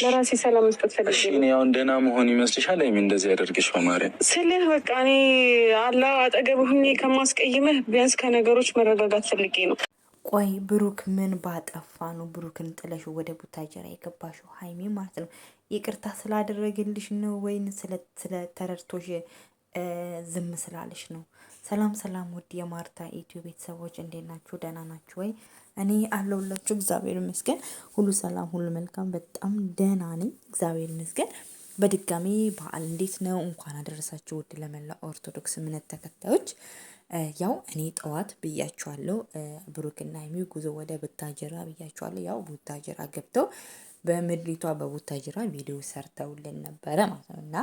ለራሴ ሰላም መስጠት ፈልግ። ያው ደህና መሆን ይመስልሻል? ሀይሚ እንደዚህ ያደርግሽ በማርያም ስልህ በቃ እኔ አላ አጠገብ ሁኜ ከማስቀይምህ ቢያንስ ከነገሮች መረጋጋት ፈልጌ ነው። ቆይ ብሩክ ምን ባጠፋ ነው ብሩክን ጥለሽ ወደ ቡታጀራ የገባሽው ሀይሜ ማለት ነው? ይቅርታ ስላደረግልሽ ነው ወይን ስለተረድቶሽ ዝም ስላለሽ ነው? ሰላም ሰላም፣ ውድ የማርታ ኢትዮ ቤተሰቦች እንዴት ናችሁ? ደህና ናችሁ ወይ? እኔ አለሁላችሁ። እግዚአብሔር ይመስገን፣ ሁሉ ሰላም፣ ሁሉ መልካም፣ በጣም ደህና ነኝ። እግዚአብሔር ይመስገን። በድጋሚ በዓል እንዴት ነው? እንኳን አደረሳችሁ ውድ ለመላ ኦርቶዶክስ እምነት ተከታዮች። ያው እኔ ጠዋት ብያችኋለሁ፣ ብሩክና ሀይሚ ጉዞ ወደ ቡታጅራ ብያችኋለሁ። ያው ቡታጅራ ገብተው በምድሪቷ በቡታጅራ ቪዲዮ ሰርተውልን ነበረ ማለት ነው እና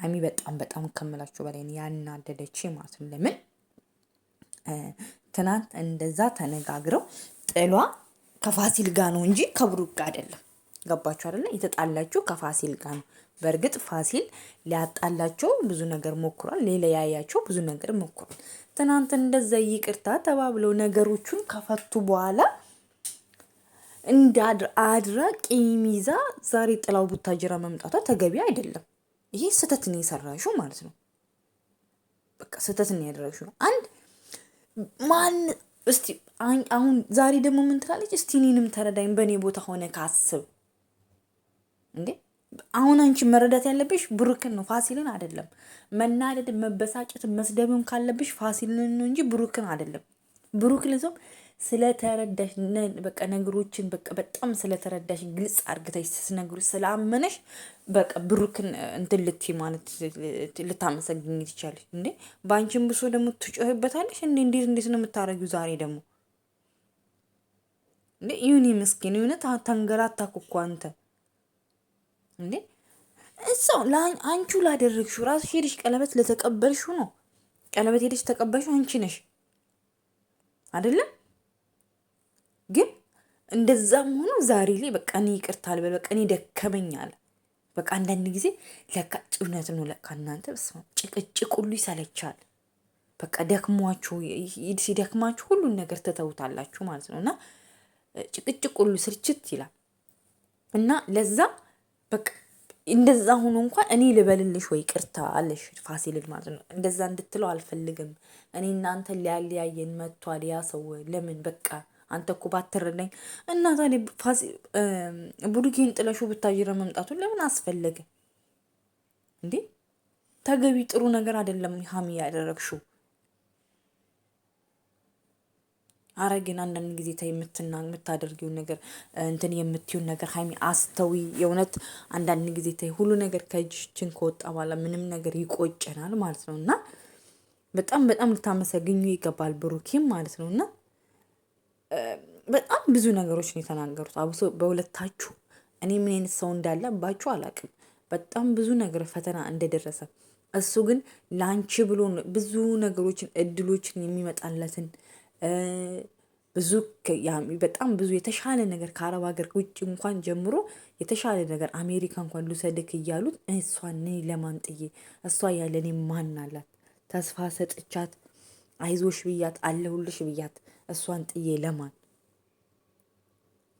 ሀይሚ በጣም በጣም ከምላችሁ በላይ ያናደደች ማለት ነው ለምን ትናንት እንደዛ ተነጋግረው ጥሏ ከፋሲል ጋ ነው እንጂ ከብሩክ ጋ አይደለም። ገባችሁ አይደለ? የተጣላችሁ ከፋሲል ጋ ነው። በእርግጥ ፋሲል ሊያጣላቸው ብዙ ነገር ሞክሯል፣ ሊለያያቸው ብዙ ነገር ሞክሯል። ትናንት እንደዛ ይቅርታ ተባብለው ነገሮቹን ከፈቱ በኋላ እንዳድ አድራ ቂም ይዛ ዛሬ ጥላው ቡታጅራ መምጣቷ ተገቢ አይደለም። ይሄ ስህተት ነው የሰራሽው ማለት ነው። በቃ ስህተት ነው ያደረግሽው። አንድ ማን እስቲ አሁን ዛሬ ደግሞ ምን ትላለች? እስቲ እኔንም ተረዳኝ፣ በእኔ ቦታ ሆነ ካስብ እንዴ አሁን አንቺ መረዳት ያለብሽ ብሩክን ነው ፋሲልን አይደለም። መናደድ መበሳጨት መስደብም ካለብሽ ፋሲልን ነው እንጂ ብሩክን አይደለም። ብሩክ ልዞም ስለተረዳሽ ነን በቃ ነገሮችን በቃ በጣም ስለተረዳሽ ግልጽ አርግተሽ ስትነግሩሽ ስለአመነሽ በቃ ብሩክን እንትን ልትይ ማለት ልታመሰግኝ ትቻለሽ እንዴ። በአንቺን ብሶ ደግሞ ትጮህበታለሽ እንዴ? እንዴት እንዴት ነው የምታረጊው? ዛሬ ደግሞ እንዴ ይሁን ምስኪን የሆነ ተንገላታ እኮ አንተ እንዴ እሰው አንቺው ላደረግሽው ራስሽ ሄደሽ ቀለበት ለተቀበልሽው ነው። ቀለበት ሄደሽ ተቀበልሽው አንቺ ነሽ። አይደለም ግን እንደዛም ሆኖ ዛሬ ላይ በቃ እኔ ይቅርታ ልበል፣ በቃ እኔ ደከመኝ አለ። በቃ አንዳንድ ጊዜ ለካ ጭውነት ነው ለካ እናንተ ጭቅጭቅ ሁሉ ይሰለቻል። በቃ ደክሟችሁ ሲደክማችሁ ሁሉን ነገር ትተውታላችሁ ማለት ነው እና ጭቅጭቅ ሁሉ ስርችት ይላል እና ለዛ በቃ እንደዛ ሁኑ እንኳን እኔ ልበልልሽ ወይ ቅርታ አለሽ ፋሲልን ማለት ነው። እንደዛ እንድትለው አልፈልግም። እኔ እናንተ ሊያለያየን መጥቷል ያ ሰው። ለምን በቃ አንተ እኮ ባትረዳኝ እና ዛሬ ጥለሹ ብታጅረ መምጣቱ ለምን አስፈለገ እንዴ? ተገቢ ጥሩ ነገር አይደለም ሀሚ ያደረግሽው አረ ግን አንዳንድ ጊዜ ተይ የምትና የምታደርጊውን ነገር እንትን የምትዩን ነገር ሀይሚ አስተዊ። የእውነት አንዳንድ ጊዜ ተይ ሁሉ ነገር ከእጅችን ከወጣ በኋላ ምንም ነገር ይቆጨናል ማለት ነው እና በጣም በጣም ልታመሰግኙ ይገባል ብሩኬም ማለት ነው እና በጣም ብዙ ነገሮች ነው የተናገሩት። አብሶ በሁለታችሁ እኔ ምን አይነት ሰው እንዳለባችሁ አላውቅም። በጣም ብዙ ነገር ፈተና እንደደረሰ እሱ ግን ለአንቺ ብሎ ብዙ ነገሮችን እድሎችን የሚመጣለትን ብዙ በጣም ብዙ የተሻለ ነገር ከአረብ ሀገር ውጭ እንኳን ጀምሮ የተሻለ ነገር አሜሪካ እንኳን ልውሰድክ እያሉት እሷን እኔ ለማን እሷ ያለ እኔ ማን አላት ተስፋ ሰጥቻት አይዞሽ ብያት አለሁልሽ ብያት እሷን ጥዬ ለማን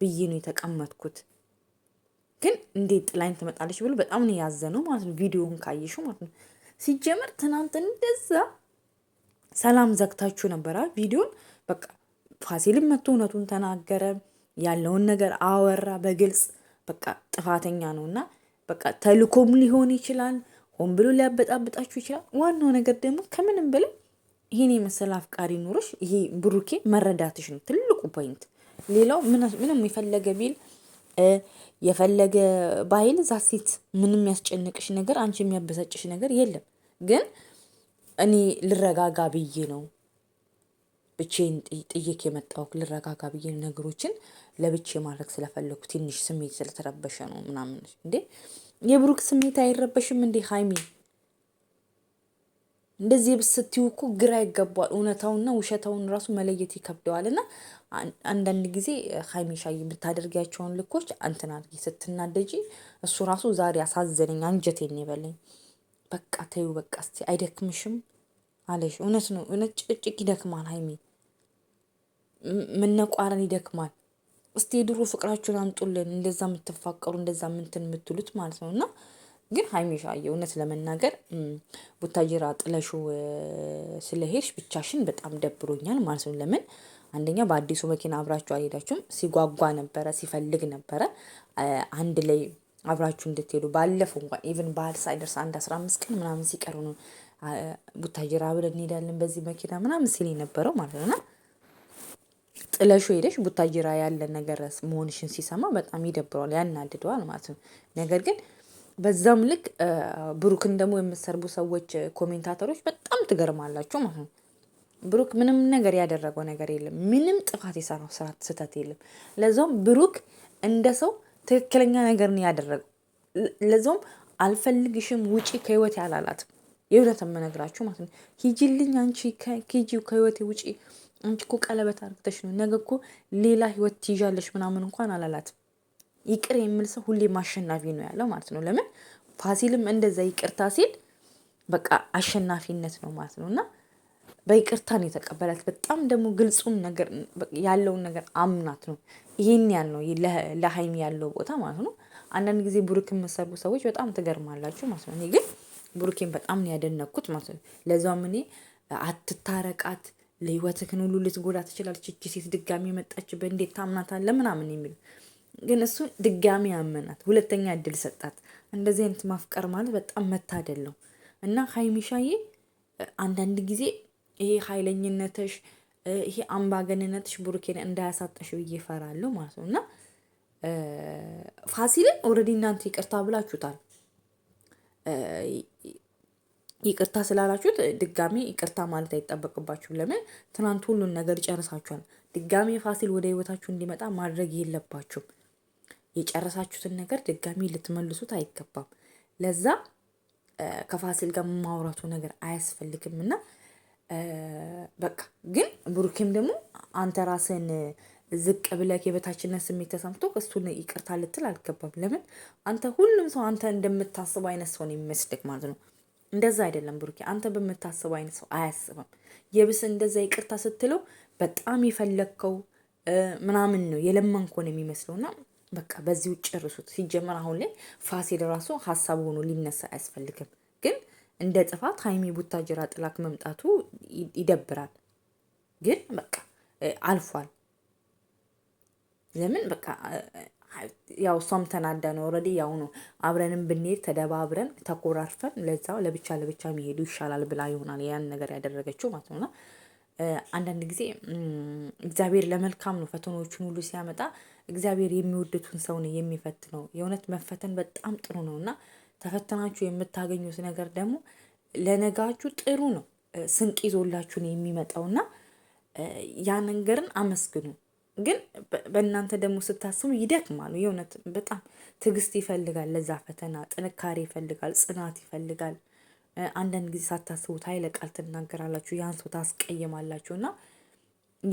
ብዬ ነው የተቀመጥኩት። ግን እንዴት ጥላኝ ትመጣለች ብሎ በጣም ነው ያዘነው ማለት ነው። ቪዲዮውን ካየሽው ማለት ነው። ሲጀመር ትናንት እንደዛ ሰላም ዘግታችሁ ነበራ። ቪዲዮን በቃ ፋሲልም መጥቶ እውነቱን ተናገረ፣ ያለውን ነገር አወራ በግልጽ በቃ ጥፋተኛ ነው እና በቃ ተልኮም ሊሆን ይችላል፣ ሆን ብሎ ሊያበጣብጣችሁ ይችላል። ዋናው ነገር ደግሞ ከምንም በላይ ይህን የመሰለ አፍቃሪ ኑሮች ይሄ ብሩኬ መረዳትሽ ነው ትልቁ ፖይንት። ሌላው ምንም የፈለገ ቢል የፈለገ ባይል ዛሴት ምንም ያስጨንቅሽ ነገር አንቺ የሚያበሳጭሽ ነገር የለም ግን እኔ ልረጋጋ ብዬ ነው ብቼን ጥዬክ የመጣሁት ልረጋጋ ብዬ ነገሮችን ለብቼ ማድረግ ስለፈለጉ ትንሽ ስሜት ስለተረበሸ ነው ምናምን። እንዴ የብሩክ ስሜት አይረበሽም እንዴ ሀይሚ? እንደዚህ ስትዩ እኮ ግራ ይገባል እውነታውና ውሸታውን ራሱ መለየት ይከብደዋል። እና አንዳንድ ጊዜ ሀይሚሻ የምታደርጊያቸውን ልኮች እንትን አድርጊ። ስትናደጂ እሱ ራሱ ዛሬ አሳዘነኝ፣ አንጀቴን ይበለኝ። በቃ ተዩ በቃ እስቲ አይደክምሽም አለሽ። እውነት ነው፣ እውነት ጭቅጭቅ ይደክማል። ሀይሚ መነቋረን ይደክማል። እስቲ የድሮ ፍቅራችሁን አምጡልን። እንደዛ የምትፋቀሩ እንደዛ ምንትን የምትሉት ማለት ነው። እና ግን ሀይሚሻ የእውነት ለመናገር ቡታጅራ ጥለሹ ስለሄድሽ ብቻሽን በጣም ደብሮኛል ማለት ነው። ለምን አንደኛ በአዲሱ መኪና አብራችሁ አልሄዳችሁም? ሲጓጓ ነበረ፣ ሲፈልግ ነበረ አንድ ላይ አብራችሁ እንድትሄዱ ባለፈው እንኳን ኢቨን በዓል ሳይደርስ አንድ አስራ አምስት ቀን ምናምን ሲቀሩ ነው ቡታጅራ ብለን እንሄዳለን በዚህ መኪና ምናምን ሲል የነበረው ማለት ነውና ጥለሹ ሄደሽ ቡታጅራ ያለን ነገር መሆንሽን ሲሰማ በጣም ይደብረዋል፣ ያናድደዋል ማለት ነው። ነገር ግን በዛም ልክ ብሩክን ደግሞ የምትሰርቡ ሰዎች ኮሜንታተሮች በጣም ትገርማላችሁ ማለት ነው። ብሩክ ምንም ነገር ያደረገው ነገር የለም። ምንም ጥፋት የሰራው ስህተት የለም። ለዛውም ብሩክ እንደ ሰው ትክክለኛ ነገር ነው ያደረገው። ለዛውም አልፈልግሽም ውጪ ከህይወት ያላላት የእውነትም እነግራችሁ ማለት ነው። ሂጂልኝ አንቺ ሂጂ ከህይወት ውጪ አንቺ እኮ ቀለበት አርግተሽ ነው ነገ እኮ ሌላ ህይወት ትይዣለሽ ምናምን እንኳን አላላት ይቅር የሚል ሰው ሁሌ ማሸናፊ ነው ያለው ማለት ነው። ለምን ፋሲልም እንደዛ ይቅርታ ሲል በቃ አሸናፊነት ነው ማለት ነው እና በይቅርታ ነው የተቀበላት። በጣም ደግሞ ግልጹን ነገር ያለውን ነገር አምናት ነው ይህን ያል ነው ለሀይሚ ያለው ቦታ ማለት ነው። አንዳንድ ጊዜ ብሩክን መሰሩ ሰዎች በጣም ትገርማላችሁ ማለት ነው። እኔ ግን ብሩኬን በጣም ነው ያደነኩት ማለት ነው። ለዛም እኔ አትታረቃት ለህይወትህን ሁሉ ልትጎዳ ትችላለች እቺ ሴት ድጋሚ የመጣችበት እንዴት ታምናታለህ ምናምን የሚሉ ግን እሱ ድጋሚ ያመናት ሁለተኛ እድል ሰጣት። እንደዚህ አይነት ማፍቀር ማለት በጣም መታደል ነው እና ሀይሚሻዬ አንዳንድ ጊዜ ይሄ ኃይለኝነትሽ ይሄ አምባገንነትሽ ብሩኬን እንዳያሳጠሽ ብዬ እፈራለሁ ማለት ነው። እና ፋሲልን ኦልሬዲ እናንተ ይቅርታ ብላችሁታል። ይቅርታ ስላላችሁት ድጋሚ ይቅርታ ማለት አይጠበቅባችሁም። ለምን ትናንት ሁሉን ነገር ጨርሳችኋል። ድጋሚ ፋሲል ወደ ህይወታችሁ እንዲመጣ ማድረግ የለባችሁም። የጨረሳችሁትን ነገር ድጋሚ ልትመልሱት አይገባም። ለዛ ከፋሲል ጋር ማውራቱ ነገር አያስፈልግም እና በቃ ግን ብሩኬም ደግሞ አንተ ራስን ዝቅ ብለህ የበታችነት ስሜት ተሰምቶ እሱን ይቅርታ ልትል አልገባም። ለምን አንተ ሁሉም ሰው አንተ እንደምታስብ አይነት ሰው ነው የሚመስልህ ማለት ነው። እንደዛ አይደለም ብሩኬ፣ አንተ በምታስበው አይነት ሰው አያስብም። የብስ እንደዛ ይቅርታ ስትለው በጣም የፈለግከው ምናምን ነው የሚመስለው። የሚመስለውና በቃ በዚህ ውጭ ርሱት። ሲጀመር አሁን ላይ ፋሲል ራሱ ሀሳብ ሆኖ ሊነሳ አያስፈልግም ግን እንደ ጥፋት ሀይሚ ቡታጅራ ጥላክ መምጣቱ ይደብራል። ግን በቃ አልፏል። ለምን በቃ ያው እሷም ተናዳ ነው። ኦልሬዲ ያው ነው አብረንም ብንሄድ ተደባብረን ተኮራርፈን ለዛው ለብቻ ለብቻ የሚሄዱ ይሻላል ብላ ይሆናል ያን ነገር ያደረገችው ማለት ነውና አንዳንድ ጊዜ እግዚአብሔር ለመልካም ነው ፈተናዎቹን ሁሉ ሲያመጣ። እግዚአብሔር የሚወዱትን ሰው ነው የሚፈትነው። የእውነት መፈተን በጣም ጥሩ ነው እና ተፈተናችሁ የምታገኙት ነገር ደግሞ ለነጋችሁ ጥሩ ነው፣ ስንቅ ይዞላችሁ ነው የሚመጣውና ያ ነገርን አመስግኑ። ግን በእናንተ ደግሞ ስታስቡ ይደክማሉ። የእውነት በጣም ትዕግስት ይፈልጋል፣ ለዛ ፈተና ጥንካሬ ይፈልጋል፣ ጽናት ይፈልጋል። አንዳንድ ጊዜ ሳታስቡት ኃይለ ቃል ትናገራላችሁ፣ ያን ሰው ታስቀይማላችሁ እና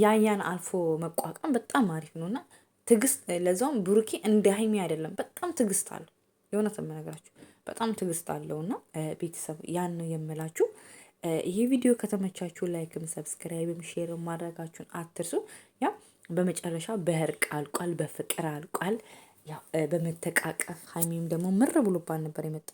ያያን አልፎ መቋቋም በጣም አሪፍ ነው እና ለዛውም ብሩኬ እንደ ሀይሚ አይደለም፣ በጣም ትግስት አለው። የእውነት የምነግራችሁ በጣም ትዕግስት አለውና ቤተሰብ ያን ነው የምላችሁ። ይሄ ቪዲዮ ከተመቻችሁ ላይክም ሰብስክራይብም ሼርም ማድረጋችሁን አትርሱ። ያ በመጨረሻ በእርቅ አልቋል፣ በፍቅር አልቋል። ያው በመተቃቀፍ ሀይሚም ደግሞ ምር ብሎባል ነበር የመጣ